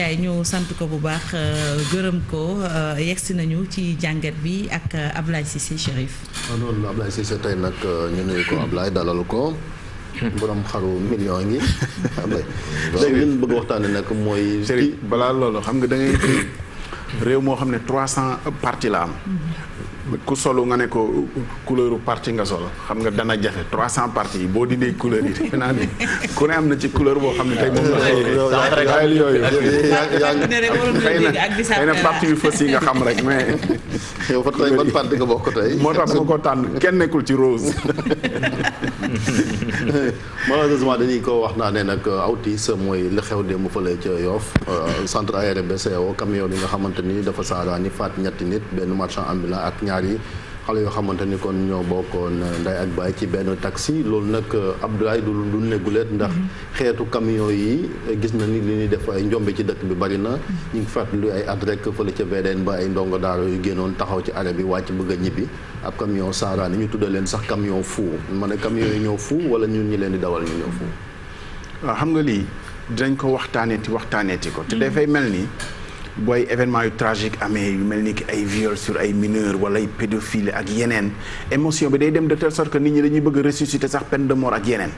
yaay ñu sant ko bu baax euh, gërëm ko euh, yegsi nañu ci jàngat bi ak euh, Ablaye Cissé Chérif. waaw ah, loolu Ablaye Cissé tey nag ñu nuyu ko Ablaye dalal ko. borom xaru million ngi. léegi bëgg waxtaanee nag mooy. balaa loolu xam nga da ngay réew moo xam ne trois cent parti la am. Mm-hmm. ku solo nga ne ko couleur parti nga solo xam nga dana jafe 300 parti yi boo dindee couleur yi defe naa ku ne am na ci couleur boo xam ne tey moom la solo daal yooyu xëy na xëy na parti yu yi nga xam rek mais yow fa tey ban parti moo tax ma ko tànn kenn nekkul ci rose malheureusement dañuy ko wax naa ne nag euh, awtis mooy li xew démb fële ca Yoff euh, centre aéré BCEAO camion bi nga xamante ni dafa saaraani faat ñetti nit benn marchand ambulant ak ñaar yi xale yoo xamante ni kon ñoo bokkoon euh, nday ak baay ci benn taxi loolu nag euh, Abdoulaye du du ne guleet ndax mm-hmm. xeetu camion yi euh, gis na ni li ñuy def ay njombe ci dëkk bi bari na mm-hmm. ñu ngi fàttali ay at rek fële ca VDN ba ay ndongo daara yu génnoon taxaw ci arrêt bi wàcc bëgg a ñibbi ab camion saaraan ñu tudda leen sax camion fu ma ne camion yi ñoo fou wala ñun ñi leen di dawal ñu ñoo fou waaw ah, xam nga lii dañ ko waxtaaneeti waxtaaneeti ko te mm-hmm. dafay mel nii booy événement yu tragique amee yu mel ni ki ay viol sur ay mineurs wala ay pédophile ak yeneen émotion bi day dem de telle sorte que nit ñi dañuy bëgg ressusciter sax peine de mort ak yeneen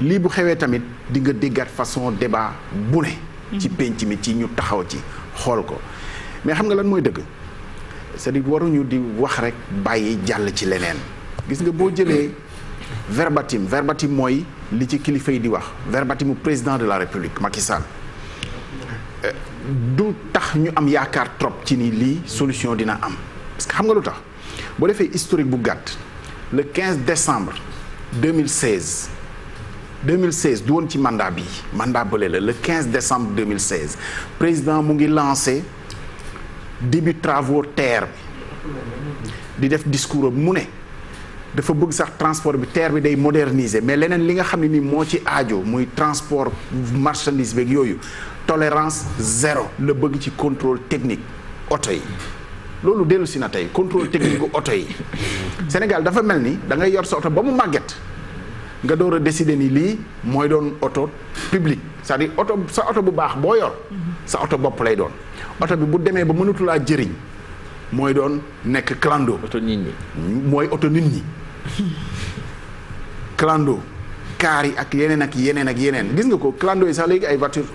lii bu xewee tamit di nga déggaat façon débat bu ne ci penc mi ci ñu taxaw ci xool ko mais xam nga lan mooy dëgg cest à waruñu di wax rek bàyyi jàll ci leneen gis nga boo jëlee verbatim verbatim mooy li ci kilifa yi di wax verbatimu président de la république Macky Sall du tax ñu am yaakaar trop ci ni lii solution dina am parce que xam nga lu tax boo defee historique bu gàtt le 15 décembre 2016 2016 du woon ci mandat bi mandat bële la le 15 décembre 2016 président mu ngi lancé début travaux terre bi di def discours am mu ne. dafa bëgg sax transport bi terre bi day moderniser mais leneen li nga xam ne ni moo ci aajo muy transport marchandise beeg yooyu tolérance zéro la bëgg ci contrôle technique oto yi loolu dellu si na tey contrôle technique gu oto yi Sénégal dafa mel ni dangay yor sa oto ba mu màgget nga door a décider ni lii mooy doon oto public cest oto sa oto bu baax boo yor sa oto bopp lay doon oto bi bu demee ba mënatulaa jëriñ mooy doon nekk clando oto nit ñi mooy oto nit ñi clando kaar yi ak yeneen ak yeneen ak yeneen gis nga ko clando yi sax léegi ay voiture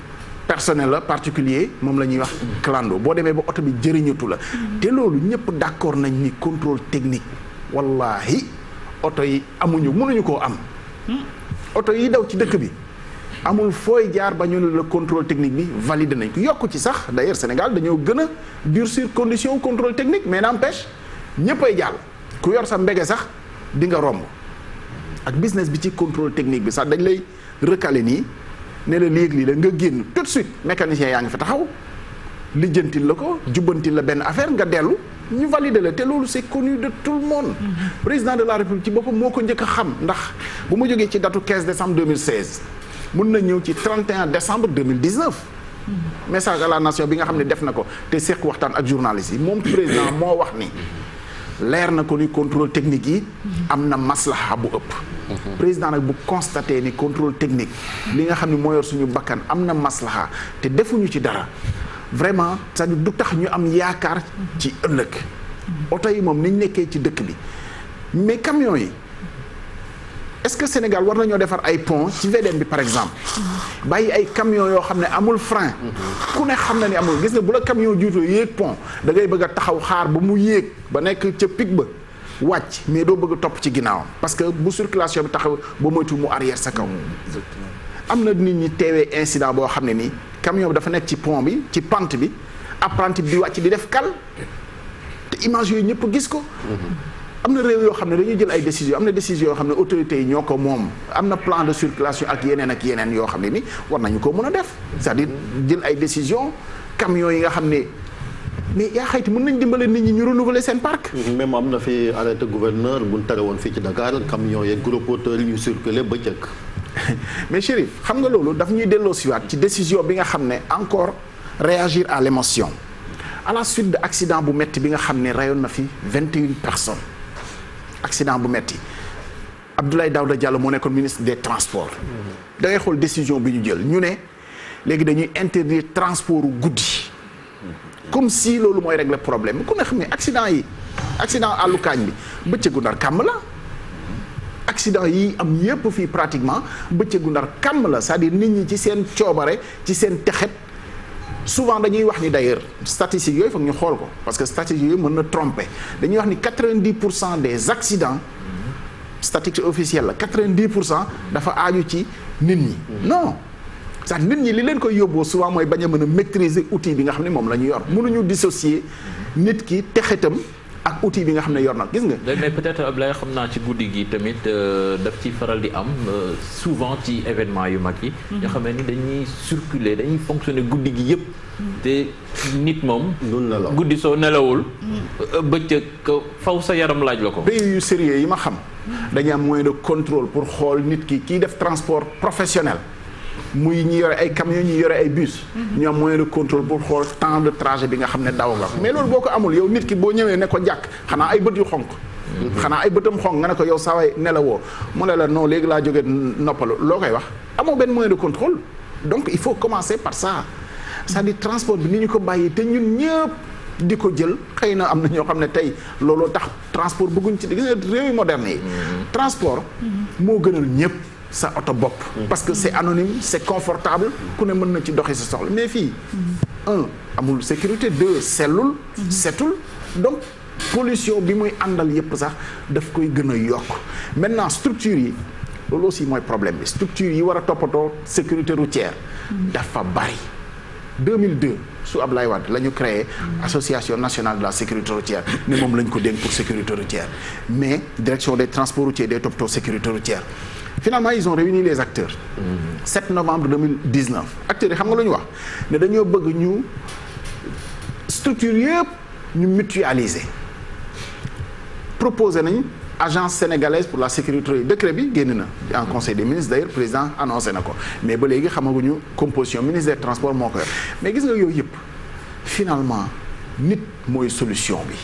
personnel la particulier moom la ñuy wax clando boo demee ba oto bi jëriñatu la te loolu ñëpp d'accord nañ ni contrôle technique wallahi oto yi amuñu mënuñu koo am oto yi daw ci dëkk bi amul fooy jaar ba ñu ne la contrôle technique bi valide nañ ko yokk ci sax d'ailleurs Sénégal dañoo gën a durcir condition contrôle technique mais n'empêche ñëppay jàll ku yor sa mbége sax di nga romb ak business bi ci contrôle technique bi sax dañ lay recalé nii ne la léegi lii la nga génn tout de suite mécanicien yaa ngi fa taxaw lijjantil la ko jubbantil la benn affaire nga dellu ñu validé la te loolu c'est connu de tout le monde. Mm-hmm. président de la république ci boppa moo ko njëkk a xam ndax bu ma jógee ci datu 15 décembre 2016 mun na ñëw ci 31 décembre 2019. Mm-hmm. message à la nation bi nga xam ne def na ko te seq waxtaan ak journaliste yi moom président moo wax ni. leer na ko ni contrôle technique yi mhm. am na maslaha bu ëpp mhm. président nag bu constaté ni contrôle technique li nga xam ni moo yor suñu bakkan am na maslaha te defuñu ci dara vraiment cest du tax ñu am yaakaar ci ëllëg mhm. oto yi moom niñ nekkee ci dëkk bi mais camion yi est-ce que Sénégal war nañoo defar ay pont ci VDN bi par exemple bàyyi ay camion yoo xam ne amul frein ku ne xam na ni amul gis nga bu la camion jiitoo yéeg pont da bëgg a taxaw xaar ba mu yéeg ba nekk ca pic ba wàcc mais doo bëgg topp ci ginnaawam parce que bu circulation bi taxaw ba moytu mu arrière sa kaw am na nit ñi teewee incident boo xam ne nii camion bi dafa nekk ci pont bi ci pente bi apprenti bi di wàcc di def kal te image yooyu ñëpp gis ko mm-hmm. am na réew yoo xam ne dañu jël ay décision am na décision yoo xam ne autorités yi ñoo ko moom am na plan de circulation ak yeneen ak yeneen yoo xam ne nii war nañu ko mën a def cest à jël ay décision camions yi nga xam ne mais yaa xayti mën nañ dimbale nit ñi ñu renouveler seen parc. même am na fi arrêté gouverneur bu ñu tere woon fii ci Dakar camions yeeg gros porteurs yi ñu circuler ba njëkk. mais Chérif xam nga loolu daf ñuy delloo si waat ci décision bi nga xam ne encore réagir à l'émotion à la suite de métti bi nga xam ne rayoon na fi vingt et une personnes. accident bu metti Abdoulaye Daouda Diallo moo nekkoon ministre des transports da ngay xool décision bi ñu jël ñu ne léegi dañuy interdire transport guddi comme si loolu mooy régler problème ku ne xam ne accident yi accident àllukaañ bi bëccëgu ndar kàmm la accident yi am yépp fii pratiquement bëccëgu ndar kàmm la cest à nit ñi ci seen coobare ci seen texet souvent dañuy wax ni d'ailleurs statistiques yooyu foog ñu xool ko parce que statistiques yooyu mën na tromper dañuy wax ni 90 pour cent des accidents statistique officielle la 90 pour cent dafa aaju ci nit ñi non sax nit ñi li leen koy yóbboo souvent mooy bañ a mën a maîtriser outil bi nga xam ne moom la ñu yor mënuñu dissocier nit ki texetam ak outil bi nga xam ne yor na gis nga. mais peut-être Ablaye xam naa ci guddi gi tamit euh, daf ci faral di am euh, souvent ci événement yu mag yi. nga mhm. xam ne ni dañuy circuler dañuy fonctionner guddi gi yëpp. Mhm. te nit moom. guddi soo nelawul. Mhm. Euh, bëccëg faw sa yaram laaj la ko. pays yu sérieux yi ma xam. dañuy am moyen de contrôle pour xool nit ki kiy def transport professionnel. muy ñi yore ay camions ñi yore ay bus. ñu am moyen de contrôle pour xool temps de trajet bi nga xam ne daw nga mais loolu boo ko amul yow nit ki boo ñëwee ne ko jàkk xanaa ay bët yu xonq xanaa ay bëtam xonk nga ne ko yow saway nelawoo mu ne la noo léegi laa jógee noppalu loo koy wax amoo benn moyen de contrôle donc il faut commencer par ça c'est-à-dire transport bi ni ñu ko bàyyi te ñun ñëpp di ko jël xëy na am na ñoo xam ne tey looloo tax transport bëgguñ ci gis nga réew yi moderne yi mm-hmm. transport moo gënal ñëpp sa oto bopp. parce que c'est anonyme c'est confortable ku ne mën na ci doxi sa soxla mais fii. amul sécurité deux sellul. setul donc pollution bi muy àndal yépp sax daf koy gën a yokk maintenant structure yi loolu aussi mooy problème bi structure yi war a toppatoo sécurité routière dafa bari. 2002 su Ablaye Wade la ñu crée association nationale de la sécurité routière ne moom la ñu ko dénk pour sécurité routière mais direction des transports routiers day toppatoo sécurité routière finalement ils ont réuni les acteurs. 7 novembre 2019 acteurs yi xam nga lu ñu wax ne dañoo bëgg ñu structure yëpp ñu mutualiser proposé nañ agence sénégalaise pour la sécurité décret bi génn na en conseil de ministres d'ailleurs président annoncé na ko mais ba léegi xamaguñu composition ministre des transports moo ko yor mais gis nga yooyu yëpp finalement nit mooy solution bi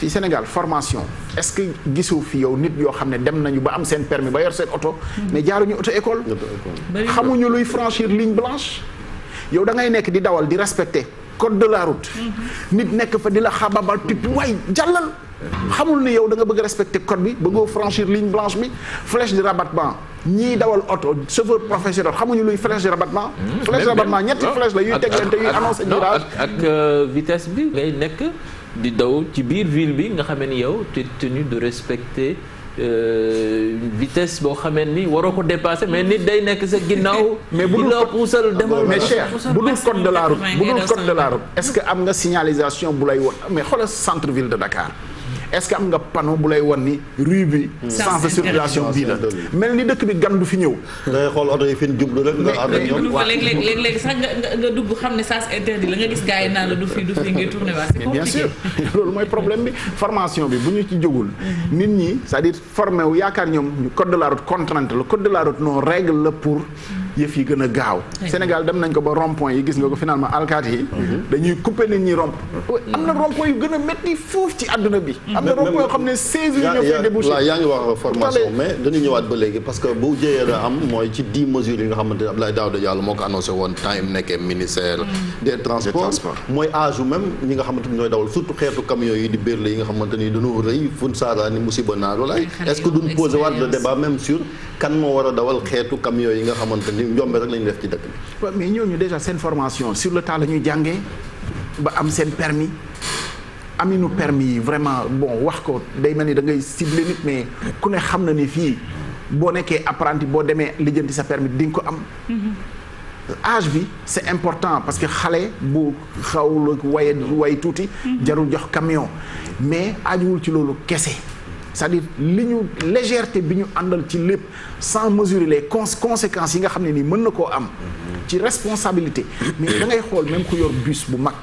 fii Sénégal formation est-ce que gisoo fi yow nit yoo xam ne dem nañu ba am seen permis ba yor seen oto mais jaaruñu auto école xamuñu luy franchir ligne blanche yow da nekk di dawal di respecter code de la route mm-hmm. nit nekk fa di la xababal tut waay jàllal xamul ni yow da nga bëgg respecter code bi bëggoo franchir ligne blanche bi flèche de rabattement ñii dawal oto chauffeur professionnel xamuñu luy flèche de rabattement mm-hmm. ñetti ah. flèche la yuy teglante di daw ci biir ville bi nga xamee ni yow tu es tenu de respecter euh, une vitesse boo xamee ni waroo ko dépasser mais nit day nekk sa ginnaaw. mais bu dul puusal ah, demal mais cher bu dul code de la route bu dul code de la route est-ce que am nga signalisation bu lay woon mais xoolal centre ville de Dakar. est-ce que am nga panneau bu lay wan ni rue bi. sens de bii la. mel ni dëkk bi gan du fi ñëw. ngay xool oto yi fi ñu sax nga nga dugg xam ne sens interdit la nga gis gars yi naan la du fi du fi ngay tourné waat. c'est bien sûr loolu mooy problème bi formation bi bu ñu ci jógul. nit ñi c'est-à-dire formé wu yaakaar ñoom code de la la code de règle la pour. yëf yi gën a gaaw Sénégal dem nañ ko ba rond point yi gis nga ko finalement alkaati yi mhm. dañuy couper nit ñi romp am na rond point yu gën a métti fuuf ci àdduna bi mhm. am na rond point euh, yi nga xamante ne Abdoulaye Daouda Diallo moo ko annoncé woon temps mhm. ñi nga xamante ni dawal surtout xeetu camions yi di béer yi nga xamante ni rëy fun saara musiba naar wala est-ce que duñ posé waat le débat même sur kan moo war a dawal xeetu camions yi nga xamante li yombe rek la ñu def ci dëkk bi. waaw mais ñu déjà seen formation sur le tas la ñuy jàngee ba am seen permis nu permis yi vraiment bon wax ko day mel ni da ngay ciblé nit mais ku ne xam na ni fii boo nekkee apprenti boo demee lijjanti sa permis di ko am. Mm-hmm. âge bi c'est important parce que xale bu xawul waye way tuuti. Mm-hmm. jarul jox camion mais ajuwul ci loolu kese. c'est-à-dire li ñu légèreté bi ñu àndal ci lépp sans mesurer les conséquences yi nga xam ne nii mën na koo am ci responsabilité mais da xool même ku yor bus bu mag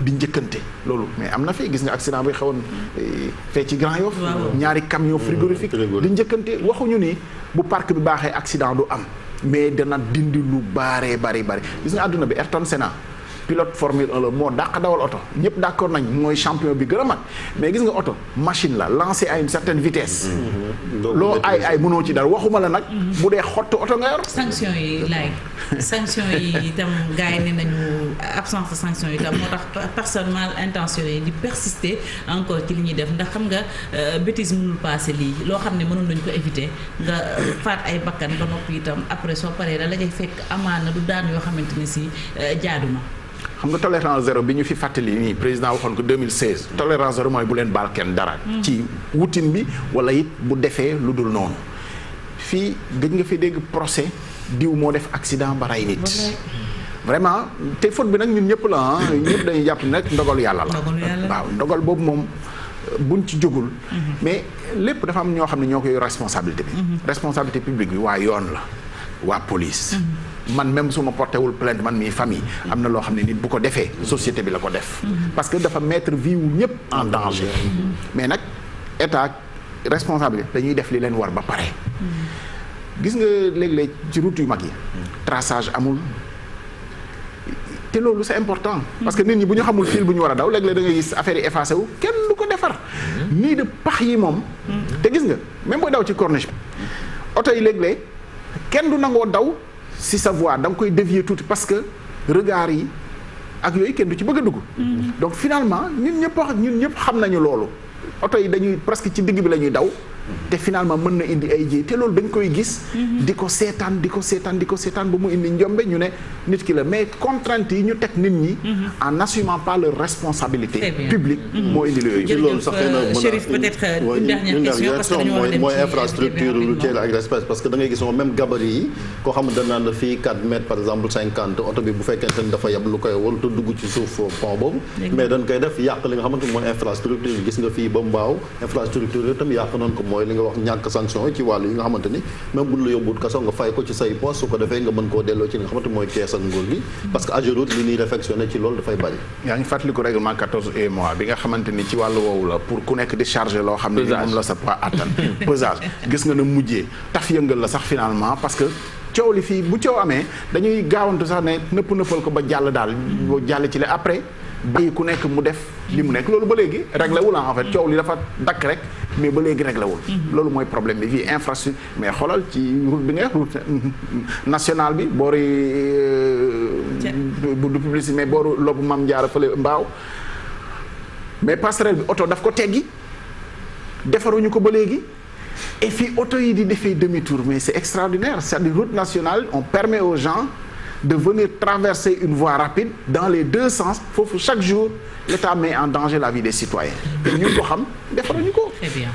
di njëkkante loolu mais am na fi gis nga accident bi xewoon eh, fee ci Grand Yoff ñaari camion mm, frigorifique di njëkkante waxuñu ni bu park bi baaxee accident du am mais dana dindi lu baaree bari bari gis nga àdduna bi Ayrton Senna pilote formule 1 moo dàq dawal oto ñëpp d' accord nañ mooy champion bi gën a mag mais gis nga oto machine la lancé à une certaine vitesse. Mm-hmm. loo ay ay mënoo ci dara waxuma la nag. Mm-hmm. bu dee xottu oto nga yor. sanction yi laay sanction yi itam gars yi ne nañu absence de sanction yi itam moo tax personne mal intentionné di persister encore ci li ñuy def ndax xam nga euh, bêtise mënul passé lii loo xam ne mënoon nañu ko éviter nga faat ay bakkan ba noppi itam après soo paree da la jay fekk amaana du daan yoo xamante ne si euh, jaaduma xam nga tolérance zéro bi ñu fi fàttali nii président waxoon ko 2016 tolérance zéro mooy bu leen baal dara. Hmm. ci wutin bi wala it bu defee lu dul noonu. fii gëj nga fi dégg procès diw moo def accident ba rey nit. vraiment te faute bi nag ñun ñëpp la ah hmm. ñëpp dañuy jàpp ne nag ndogalu yàlla la. waaw ndogal boobu moom euh, buñ ci jógul. Hmm. mais lépp dafa am ñoo xam ne ñoo koy responsabilité bi. responsabilité publique bi waa yoon la waa police. man même su ma porté wul plainte man mii famille am na loo xam ne nit bu ko defee société bi la ko def parce que dafa mettre vie wu ñëpp en danger mais nag état responsable dañuy def li leen war ba pare gis nga léeg ci route yu mag yi traçage amul te loolu c'est important parce que nit ñi bu ñu xamul fil bu ñu war a daw léeg-léeg da gis affaire yi effacé wu kenn du ko defar nii de pax yi moom te gis nga même booy daw ci corniche bi oto yi léeg kenn du nangoo daw si sa voie da nga koy dévier tuuti parce que regard yi ak yooyu kenn du ci bëgg dugg. Mm-hmm. donc finalement ñun ñëpp wax ñun ñëpp xam nañu loolu. oto yi dañuy presque ci digg bi la ñuy daw. te finalement mën na indi ay ji te loolu dañ koy gis. Mhm. di ko seetaan di ko seetaan ba mu indi njombe ñu ne nit ki la mais contrainte yi ñu teg nit ñi. Mhm. en n'assumant pas mhm. euh, a euh, dem mooy infrastructure routière ak respect parce que da ngay gis moom même gabarit yi koo xam ne la fii 4 mètres par exemple 50 oto bi bu fekkente ni dafa yab lu koy wol dugg ci suuf pont mais dañ koy def yàq li nga xamante mooy infrastructure gis nga fii ba mbaaw infrastructure mooy li nga wax ñàkk sanction ci wàll yi nga xamante ni même bu la yóbbuut kaso nga fay ko ci say poos su ko defee nga mën koo delloo ci li nga xamante mooy kees ak nguur parce que Ageroute li ñuy réfectionné ci loolu dafay bari yaa ngi fàttaliku règlement 14 UEMOA bi nga xamante ci wàllu woowu la pour ku nekk di chargé loo xam ne moom mujjee taf yëngal la sax finalement parce que coow li fii bu coow amee dañuy gaawantu sax ne nëpp jàll daal boo jàll ci le bàyyi ku nekk mu def li mu nekk loolu ba léegi réglé wul en fait coow li dafa dakk rek mais ba léegi réglé wul mm-hmm. loolu mooy problème bi fii infrastructure mais xoolal ci route bi nga route nationale bi boori euh, du publicité mais booru lobu mam njaara fële mbaaw mais passerelle bi oto daf ko teggi defaruñu ko ba léegi et fii oto yi di defee demi tour mais c'est extraordinaire c'est-à-dire route nationale on permet aux gens de venir traverser une voie rapide dans les deux sens foofu chaque jour l'État met en danger la vie des citoyens te ñun ko xam defaruñu ko. très bien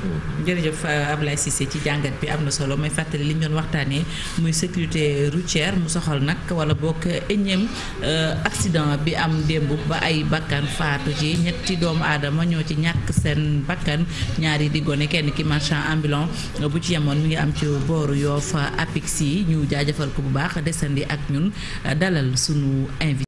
jërëjëf euh, Ablaye Cissé ci jàngat bi am na solo may fàttali li ñu doon waxtaanee muy sécurité routière mu soxal nag wala bokk énième euh, accident bi am démb ba ay bakkan faatu ci ñetti doomu aadama ñoo ci ñàkk seen bakkan ñaari diggoon gone kenn ki marchand ambulant bu ci yemoon mi ngi am ci booru yoo fa apix yi ñu jaajëfal ko bu baax desandi ak ñun. dalal suñu invité